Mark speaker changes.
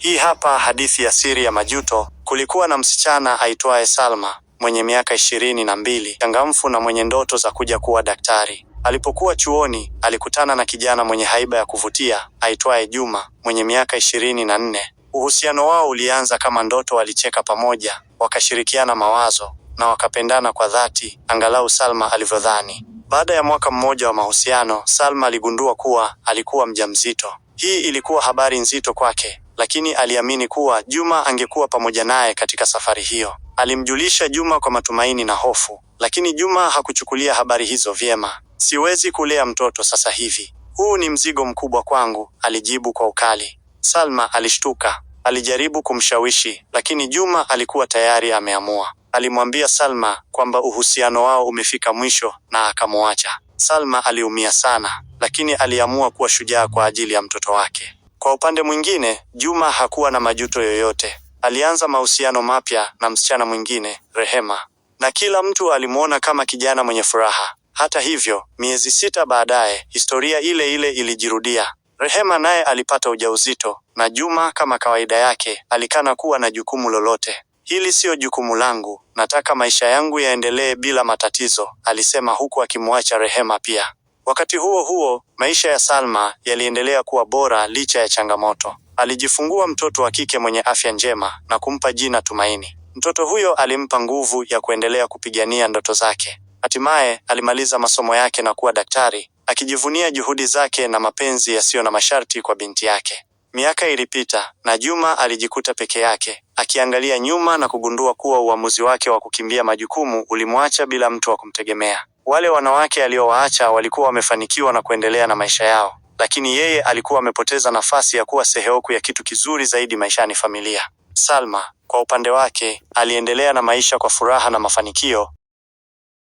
Speaker 1: Hii hapa hadithi ya siri ya majuto. Kulikuwa na msichana aitwaye Salma mwenye miaka ishirini na mbili, changamfu na mwenye ndoto za kuja kuwa daktari. Alipokuwa chuoni, alikutana na kijana mwenye haiba ya kuvutia aitwaye Juma mwenye miaka ishirini na nne. Uhusiano wao ulianza kama ndoto, walicheka pamoja, wakashirikiana mawazo na wakapendana kwa dhati, angalau Salma alivyodhani. Baada ya mwaka mmoja wa mahusiano, Salma aligundua kuwa alikuwa mjamzito. Hii ilikuwa habari nzito kwake, lakini aliamini kuwa Juma angekuwa pamoja naye katika safari hiyo. Alimjulisha Juma kwa matumaini na hofu, lakini Juma hakuchukulia habari hizo vyema. Siwezi kulea mtoto sasa hivi, huu ni mzigo mkubwa kwangu, alijibu kwa ukali. Salma alishtuka. Alijaribu kumshawishi, lakini Juma alikuwa tayari ameamua. Alimwambia Salma kwamba uhusiano wao umefika mwisho na akamwacha. Salma aliumia sana, lakini aliamua kuwa shujaa kwa ajili ya mtoto wake. Kwa upande mwingine, Juma hakuwa na majuto yoyote. Alianza mahusiano mapya na msichana mwingine, Rehema, na kila mtu alimwona kama kijana mwenye furaha. Hata hivyo, miezi sita baadaye, historia ile ile ilijirudia. Rehema naye alipata ujauzito na Juma kama kawaida yake alikana kuwa na jukumu lolote. Hili siyo jukumu langu, nataka maisha yangu yaendelee bila matatizo, alisema huku akimwacha Rehema pia. Wakati huo huo, maisha ya Salma yaliendelea kuwa bora licha ya changamoto. Alijifungua mtoto wa kike mwenye afya njema na kumpa jina Tumaini. Mtoto huyo alimpa nguvu ya kuendelea kupigania ndoto zake. Hatimaye alimaliza masomo yake na kuwa daktari, akijivunia juhudi zake na mapenzi yasiyo na masharti kwa binti yake. Miaka ilipita na Juma alijikuta peke yake akiangalia nyuma na kugundua kuwa uamuzi wake wa kukimbia majukumu ulimwacha bila mtu wa kumtegemea. Wale wanawake aliowaacha walikuwa wamefanikiwa na kuendelea na maisha yao, lakini yeye alikuwa amepoteza nafasi ya kuwa sehemu ya kitu kizuri zaidi maishani, familia. Salma kwa upande wake aliendelea na maisha kwa furaha na mafanikio,